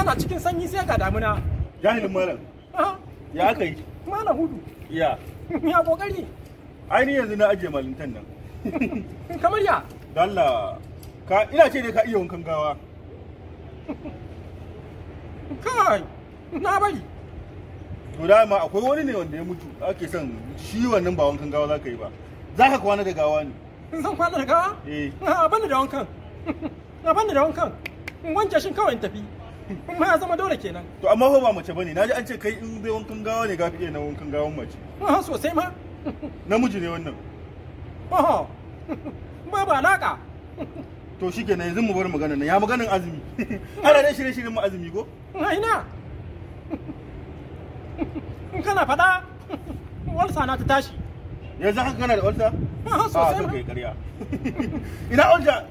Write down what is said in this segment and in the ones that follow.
ana cikin sanyi sai ga damuna jahilin malam ya kai. malam hudu ya ya kokari ni yanzu na ajiye malintan nan kamar ya dalla ka ina ce ne ka iya wankan gawa kai na bari to dama akwai wani ne wanda ya mutu ake son shi wannan ba wankan gawa za ka yi ba za ka kwana da gawa ne zan kwana da gawa eh a ban da wankan a ban da wankan wanke shin kawai tafi ma ya zama dole kenan to amma fa ba mace bane naji an ce kai in bai wankan gawa ne gafi iya na wankan gawan mace ha sosai ma namiji ne wannan oho ba ba alaka to na yanzu mu bar magana nan ya maganin azumi ana da shirye shiryen mu azumi ko ina in kana fada walsa na ta tashi yanzu haka kana da walsa ha sosai ma ina walsa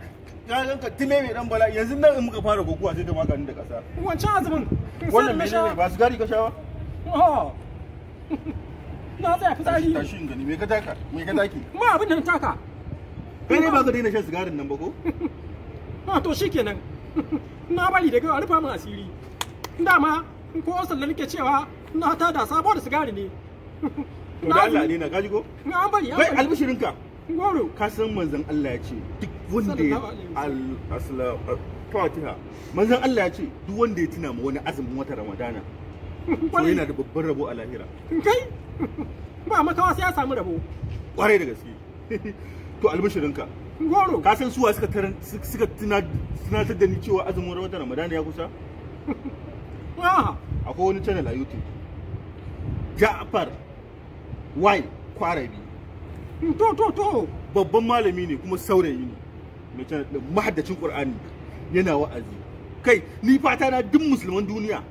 ranar ka dile mai dan bala yanzu nan in muka fara kokuwa sai da maganin da kasa wancan azumin wannan menene ba su gari ka sha ba na tsaya fitsari tashi in gani me ka taka me ka taki ma abin da taka kai ne ba ka daina shan sigarin nan ba ko a ah, to shikenan na bari daga a rufa min asiri dama ko osan da nake cewa na tada sabo da sigari ne na Allah ne na gaji ko na bari kai albishirinka Goro ka san manzon Allah ya ce duk wanda ya al-asla fatiha manzon Allah ya ce duk wanda ya tuna ma wani azumin wata Ramadana to yana da babban rabo a lahira kai ba makawa sai ya samu rabo kwarai da gaske to albishirinka goro ka san suwa suka taran suka tunatar da ni cewa azumin wata Ramadana ya kusa ah. akwai wani channel a YouTube Ja'far Y Kwarabi to to to babban malami ne kuma saurayi ne mai tana da mahaddacin qur'ani yana wa'azi kai ni fata na duk musulman duniya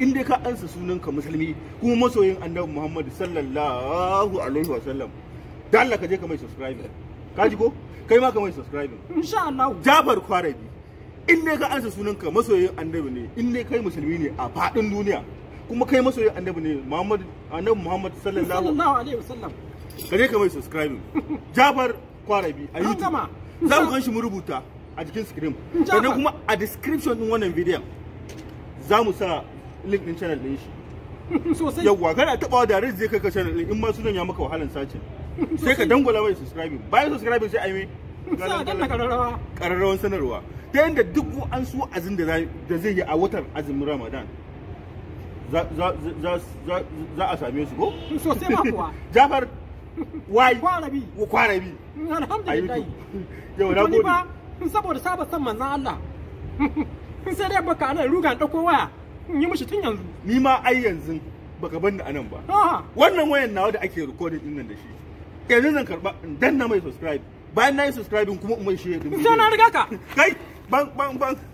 in dai ka ansa sunanka musulmi kuma masoyin annabi muhammad sallallahu alaihi wa sallam da Allah ka je ka mai subscribe ka ji ko kai ma ka mai subscribe insha Allah Jabar Kwarabi in dai ka ansa sunanka masoyin annabi ne in dai kai musulmi ne a fadin duniya kuma kai masoyin annabi ne Muhammad annabi Muhammad sallallahu alaihi wasallam ka je ka mai subscribe jabar Kwarabi a YouTube za mu ganshi mu rubuta a jikin screen sannan kuma a description din wannan bidiyon za mu sa link din channel din shi sosai yawwa kana tabawa da zai kai ka channel din in ma sunan ya maka wahalan sace sai ka dangwala mai subscribe bayan subscribe sai a yi kararrawan sanarwa ta yadda duk an su azin da zai yi a watan azumin ramadan za a same su ko? sosai ma kuwa jafar wai kwana bi kwana bi mm, alhamdulillah yau na gode ba saboda saba san manzan Allah sai dai baka nan ruga dauko waya in yi mishi tun yanzu ni ma ai yanzu baka banni anan ba wannan wayan nawa da ake recording din nan da shi yanzu zan karba in danna mai subscribe bayan na yi subscribing kuma umar shi ya dumbi sai na riga ka kai ban ban ban